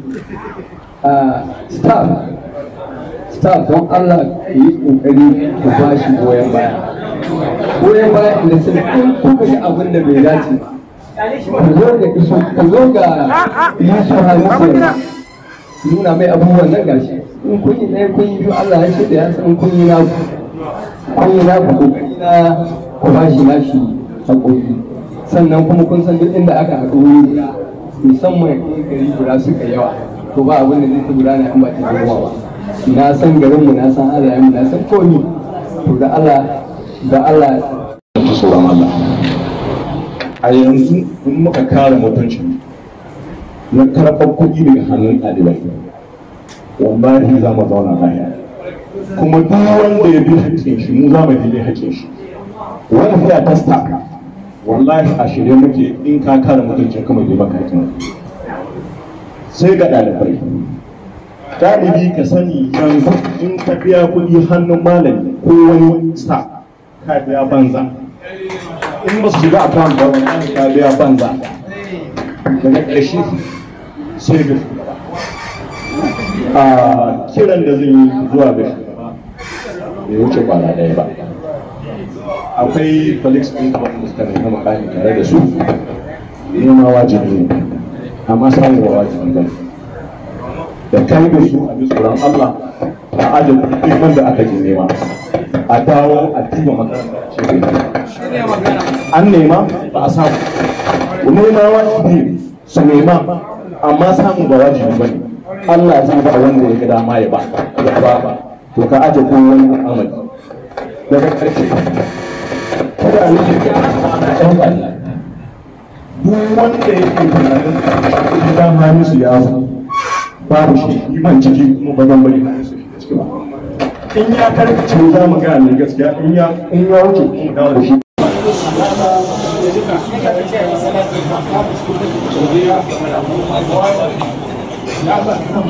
ah staff staff don Allah yi kokari ku bashi goyon baya goyon baya da sun in kuka ga abin da bai dace ba ku zo da kiso ku zo ga yusuf halitta nuna mai abubuwan nan gashi in kun yi ɗaya kun yi biyu allah ya ce da ya san kun yi naku kun yi naku kokari na ku na shi haƙoƙi sannan kuma kun san duk inda aka haɗu wuri guda musamman in gari guda suka yawa to ba abin da zai ta gudana in ba ta girma ba na san garinmu na san halayenmu na san komi to da allah da Allah ya tsoron Allah a yanzu in muka kare mutuncin na karɓar kuɗi daga hannun ɗalibai wallahi za mu zauna lahiya kuma duk wanda ya bi haƙƙin shi mu za mu bi haƙƙin shi wani fiya ta staka wallahi a shirye muke in ka kare mutuncin kuma bai baka haƙƙin sai ga ɗalibai ɗalibi ka sani yanzu in ka biya kuɗi hannun malami ko wani staff ka banza in ba su shiga a kan ba wannan ka banza daga ƙarshe sai ga a ah, kiran da zan yi zuwa ga bai wuce kwana ɗaya ba akwai felix ɗin da suka nemi makami tare da su nema wajibi ne amma samun wa wajibi ne da kai da su a bisa Allah a ajin duk wanda aka ji nema a dawo a duba makaranta an nema ba a samu nema wajibi su nema amma samu ba wajibi ba ne Allah zai ba wanda ya ga dama ya ba ya ba ba to ka aje ko wani da daga karshe kada a nake ɗan duk wanda ya ke tunanin idan hannun su ya zo babu shi iman ciki kuma ba bari su ba in ya karkace za mu gaya mai gaskiya in ya in ya wuce da wani shi ya Allah ka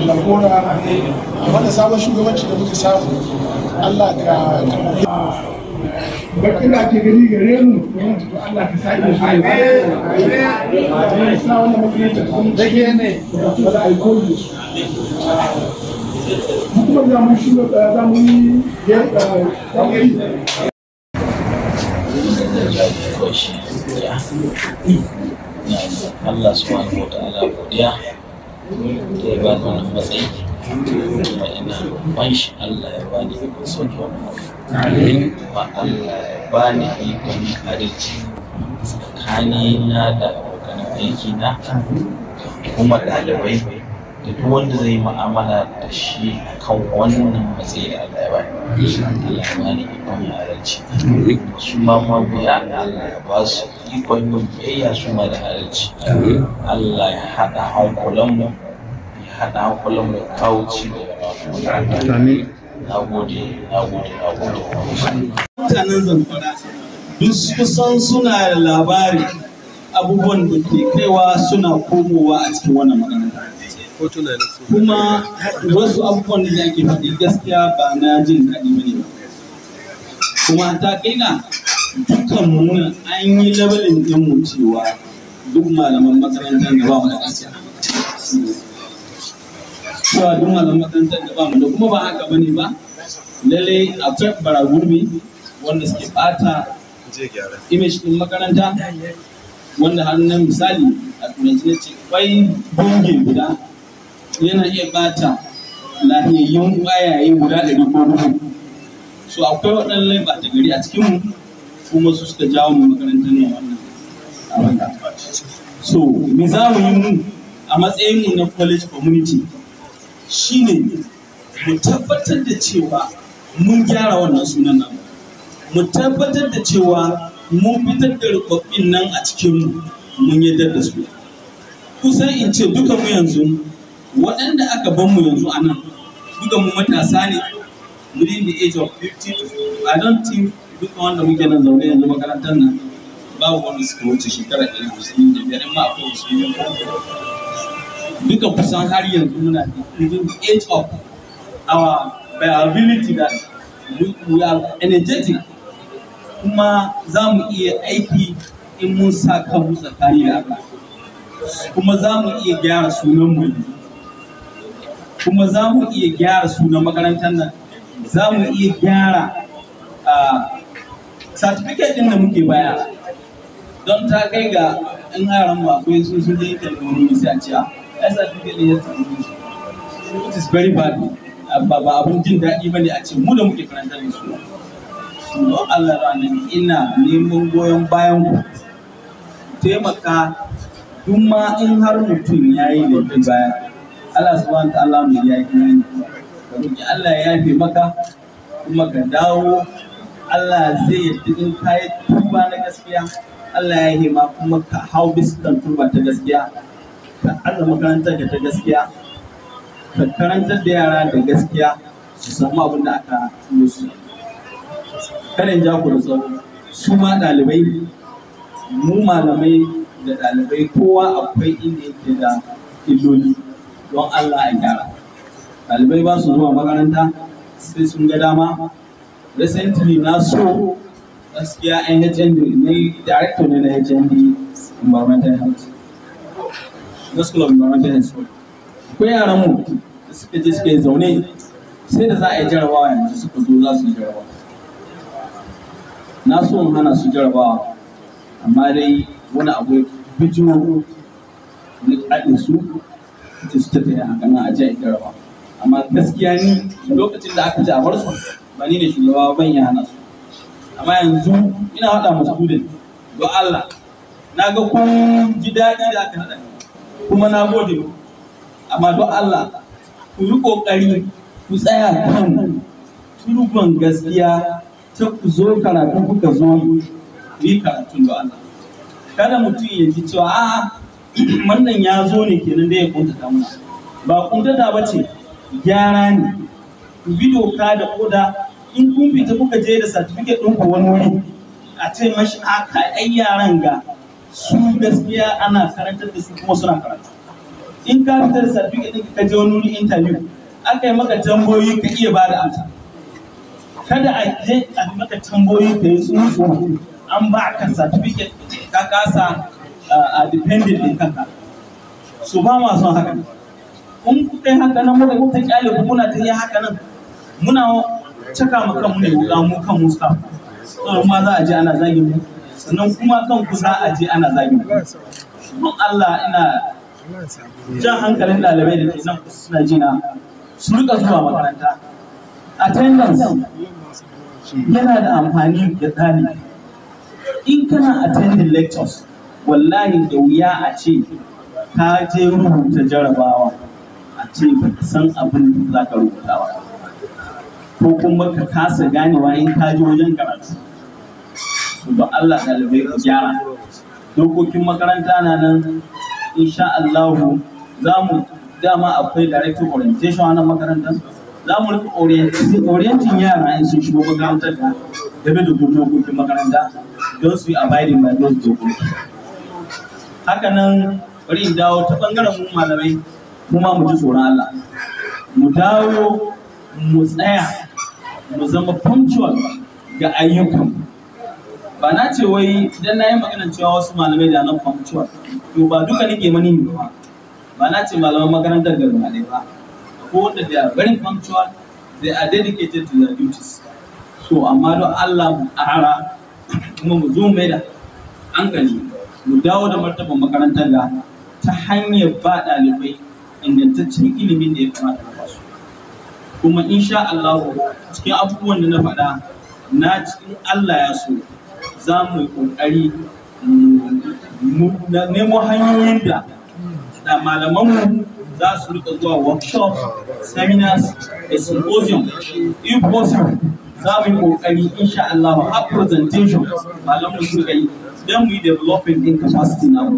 mu sabon shugabanci da muka samu Allah ka bakin da ke gani gare mu Allah ka sake shi wannan da ke ne da mu kuma za mu shi eh, za mu yi eh, Allah subhanahu wa ta'ala godiya da ya bani wannan matsayi kuma ina ban shi Allah ya bani ikon sauki wannan abu Allah ya bani ikon adalci tsakanina da abokan aiki na kuma ɗalibai da duk wanda zai mu'amala da shi kan wannan matsayi da Allah ya ba Allah ya bani ikon halarci su ma mabiya Allah ya ba su ikon yin biyayya su ma da halarci Allah ya haɗa mu ya haɗa hankulan mu kawo ci gaba na gode na gode na gode mutanen zamfara duk kusan suna da labari abubuwan da ke kaiwa suna komowa a cikin wannan magana kuma wasu abubuwan da ake faɗi gaskiya ba na jin daɗi ba ne kuma ta kaina dukkan muna an yi labalin ɗin mu cewa duk malaman makarantar da ba mu da gaskiya cewa duk malaman makarantar da ba mu da kuma ba haka bane ba lallai akwai baragurbi wanda suke bata image ɗin makaranta wanda hannun misali a turanci na ce kwai bungin guda yana iya bata lahiyayyun ƙwayaye guda ɗari ko dubu so akwai waɗannan ba gari a cikin kuma su suka jawo mu makarantar ne wannan so me za mu yi mu a matsayin mu na college community shine mu tabbatar da cewa mun gyara wannan sunan nan mu tabbatar da cewa mun fitar da rubabbin nan a cikin mu mun yadda da su kusan in ce duka mu yanzu waɗanda aka ban mu yanzu a nan duka mu matasa ne within the age of 50 I don't think duka wanda muke nan zaune yanzu makarantar nan babu wanda suka wuce shekara ɗari yi da biyar ma akwai wasu yin duka kusan har yanzu muna within the age of our viability that we, we are energetic kuma za mu iya aiki in mun sa kanmu tsakani da Allah kuma za mu iya gyara mu yanzu kuma za mu iya gyara sunan makarantar nan za mu iya gyara certificate din da muke baya don ta kai ga in yaran mu akwai sun sun je kalmomi misali a ah, ya certificate din ya tsamu it is very bad ba ba abun jin daɗi bane a ce mu da muke karanta ne su don Allah ina neman goyon bayan ku taimaka duk ma in har mutum ya yi da baya Allah subhanahu ta'ala mai ya yi ka roki Allah ya yafe maka kuma ka dawo Allah zai yi in ka tuba na gaskiya Allah ya yi ma kuma ka hau biskan tuba ta gaskiya ka aza makarantar da ta gaskiya ka karantar da yara da gaskiya su samu abin da aka musu karin ja ku da tsaro su ma ɗalibai mu malamai da ɗalibai kowa akwai inda yake da illoli don Allah ya gyara ɗalibai ba su zuwa makaranta sai sun ga dama recently na so gaskiya NHND ne director ne na HND environmental health na school of environmental health akwai yaran mu da suka je suka yi zaune sai da za a yi jarabawa yanzu suka zo za su yi jarabawa na so in hana su jarabawa amma dai wani abu bijiro na a su ta su tafiya haka nan a ji a jarawa amma gaskiya ni lokacin da aka ji a bar su ba ni ne shugaba ban ya hana su amma yanzu ina haɗa musu student don Allah na ga kun ji daɗi da aka haɗa kuma na gode mu amma don Allah ku yi ƙoƙari ku tsaya kan turban gaskiya ta ku zo karatu kuka zo ni karatun don Allah kada mutum ya ji cewa a'a wannan ya zo ne kenan da ya kuntata mu ba kuntata ba ce gyara ne ku bi doka da koda in kun fita kuka je da certificate ɗin ku wani wuri a ce mashi aka ai yaran ga su gaskiya ana karantar da su kuma suna karatu in ka fita da certificate ɗin ka je wani wuri interview aka yi maka tambayoyi ka iya ba da amsa kada a je a maka tambayoyi ka yi su an ba ka certificate ka kasa a dependent din kanka Su ba ma son haka in ku kai haka nan muka kuka kyale ku muna ta yi haka nan muna caka mu kanmu ne wuka mu kan mu suka kuma ma za a je ana zagin mu sannan kuma kan ku za a je ana zagin mu don Allah ina jan hankalin ɗalibai da ke nan suna jina su rika zuwa makaranta attendance yana da amfani ga ɗalibi in kana attending lectures wallahi da wuya a ce ka je rubuta jarabawa a ce ba ka san abin da za ka rubuta ba ko kuma ka kasa ganewa in ka je wajen karatu ba Allah ɗalibai ka gyara dokokin makaranta na nan insha Allah za mu dama akwai direct orientation na makaranta za mu rika orientin yara in sun shigo makarantar da game da dokokin makaranta don su yi abiding by those dokokin haka nan bari in dawo ta bangaren mu malamai mu ma mu ji tsoron Allah mu dawo mu tsaya mu zama punctual ga ayyukan ba na ce wai idan na yi maganar cewa wasu malamai da nan punctual to ba duka nake mani ne ba ba na ce malaman makarantar ga malamai ba ko wanda da very punctual they are dedicated to their duties so amma don Allah mu ƙara kuma mu zo mai da hankali mu dawo da martaban makarantar da ta hanyar ba ɗalibai ingantaccen ilimin da ya kamata na basu kuma insha Allah cikin abubuwan da na faɗa na cikin Allah ya so za mu yi ƙoƙari nemo hanyoyin da da malamanmu za su rika zuwa workshops seminars da symposium in za mu yi ƙoƙari insha Allah a presentation malamanmu su rika yi don mu yi development din capacity na mu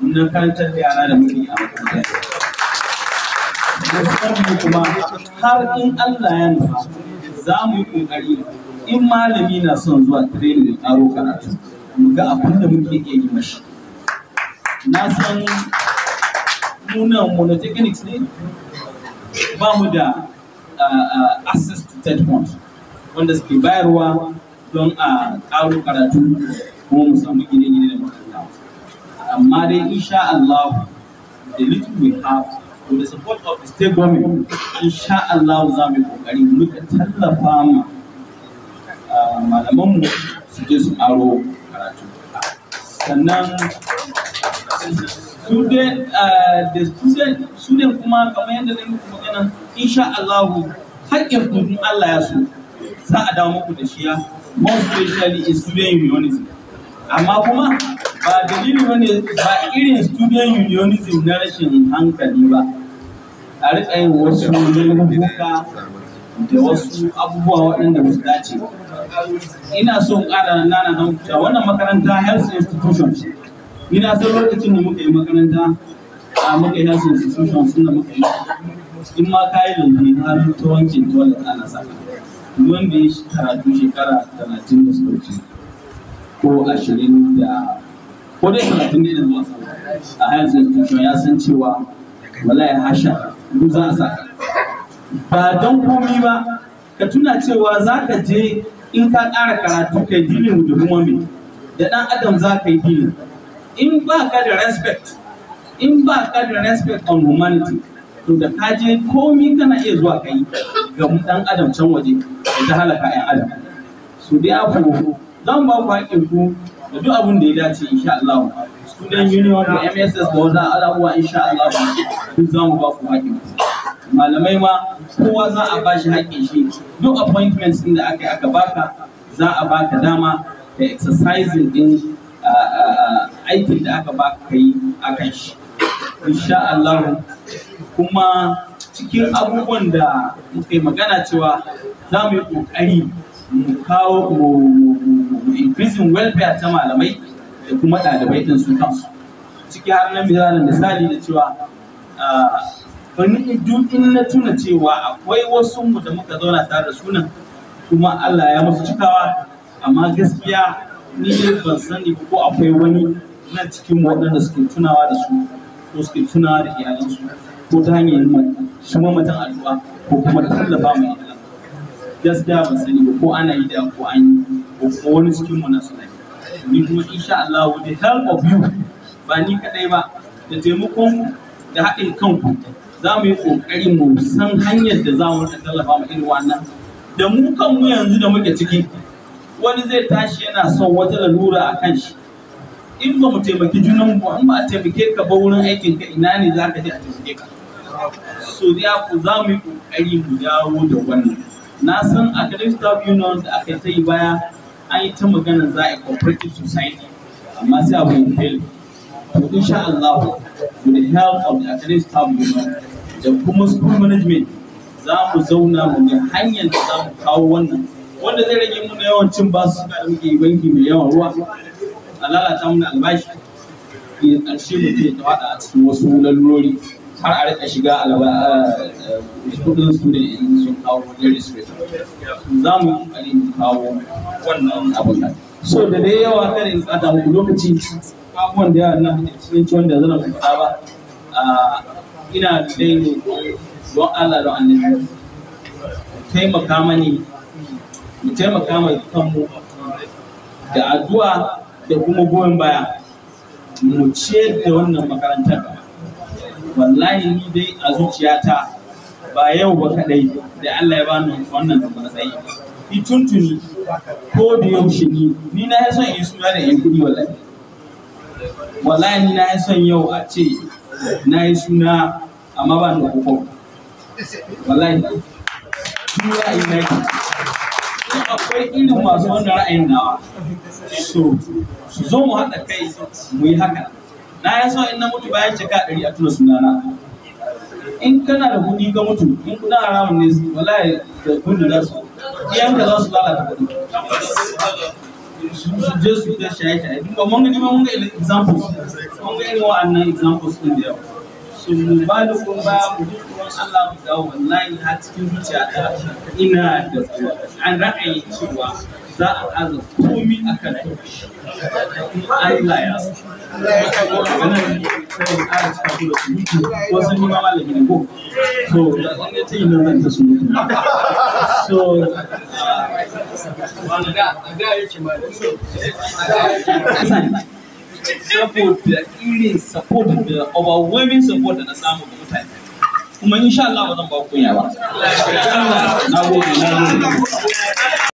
mun karantar da yara da muke a makaranta musamman kuma har in Allah ya nufa za mu yi kokari in malami na son zuwa training ƙaro karatu mu ga abin da muke iya yi mashi na san munan monotechnics ne ba mu da access to third wanda suke bayarwa don a ƙaro karatu kuma mu samu gine-gine da makaranta amma dai insha Allah the little we have with the support of the state government insha Allah za mu kokari muka tallafa ma ah, malaman mu su je su aro karatu sannan su da ah, kuma kamar yadda na muku magana insha Allah haƙƙin kudin Allah ya so za a dawo muku da shiya most especially in student unionism amma kuma ba dalili ne ba irin student unionism na rashin hankali ba a rika wasu laifuka da wasu abubuwa waɗanda ba su dace ina so ƙara nana don kuta wannan makaranta health institution ina so lokacin da muka yi makaranta a muka yi health institution suna muka yi in ma kayan lambi har ta wankin toilet ana saka wanda ya karatu shekara talatin da suka wuce ko ashirin da ko dai talatin ne da zuwa a higher institution ya san cewa wallahi hasha duk za a saka ba don komi ba ka tuna cewa za ka je in ka ƙara karatu kai dilin da kuma me da ɗan adam za ka yi dilin in ba ka da respect in ba ka da respect on humanity to da ka je komi kana iya zuwa kai ga ɗan adam can waje da ta halaka 'yan adam su dai abu zan ba ku haƙƙin ku da duk abin da ya dace insha Allah student union da MSS da wannan al'abuwa insha Allah duk za ba ku haƙƙin ku malamai ma kowa za a ba shi haƙƙin shi duk appointments din da aka aka baka za a baka dama da exercising din aikin da aka baka kai akan shi insha Allah kuma cikin abubuwan da muka yi magana cewa za mu yi ƙoƙari mu kawo mu increasing welfare ta malamai da kuma ɗalibai ɗin su kansu ciki har na misalin misali da cewa bani in na tuna cewa akwai wasu mu da muka zauna tare da sunan kuma Allah ya musu cikawa amma gaskiya ni ban sani ko akwai wani na cikin waɗanda suke tunawa da su ko suke tunawa da iyalansu ko ta hanyar shi mamatan addu'a ko kuma tallafa mai iyalan gaskiya ban sani ko ana yi da ko an yi ko wani cikin mu na suna ni kuma insha Allah with the help of you ba ni kadai ba da taimakon da haɗin kanku za mu yi ƙoƙari mu san hanyar da za mu tallafa ma irin wannan da mu kanmu yanzu da muke ciki wani zai tashi yana son wata lalura a kan shi in ba mu taimaki junan mu an ba a taimake ka ba wurin aikin ka ina ne za ka je a taimake ka so da ku za mu yi ƙoƙari mu dawo da wannan na san a staff union da aka yi ta yi baya an yi ta magana za a yi cooperative society amma sai abu ya fail to insha Allah with the help of the academic staff da kuma school management za mu zauna mu ga hanyar da za mu kawo wannan wanda zai rage muna yawan cin basu da muke banki mai yawan ruwa a lalata muna albashi ya ƙarshe mutum ya tawada a cikin wasu lalurori har a rika shiga alba kudin su da in sun kawo jaris za mu kokari kawo wannan abin so da da yawa kada in tsada muku lokaci abubuwan da yawa na cikin ciwon da zan faɗa ba ina da dai don Allah don annabi taimaka mani mu taimaka mai kanmu da addu'a da kuma goyon baya mu ciyar da wannan makarantar wallahi ni dai a zuciyata ba yau ba kadai da Allah ya bani wannan matsayi ni tuntuni ko da yaushe ni ni na son in suna da yan kudi wallahi wallahi ni na son yau a ce na yi suna amma ba ni kokon wallahi ni ra'ayi na ki akwai irin masu wannan ra'ayin nawa so su zo mu haɗa kai mu yi haka na ya so in na mutu bayan shekara ɗari a tuna sunana in kana da kuɗi ka mutu in kuna haramun ne wallahi da kudu na su iyanka za su lalata kuɗi su je su ta shaye shaye duk ba mun ga mun ga examples mun ga irin wa'annan examples din da yawa so mu ba da kun ba mu Allah mu dawo wallahi har cikin zuciya ta ina da an ra'ayi cewa za a ƙaza komi a kan Allah ya laya Wannan sai ƙara cika ku da wasu ni ma malami ne ko. So da zan ta yi nan zan ta su. So saboda irin support da overwhelming support da na samu da mutane kuma insha Allah ba zan ba ku ba. Na gode, na gode.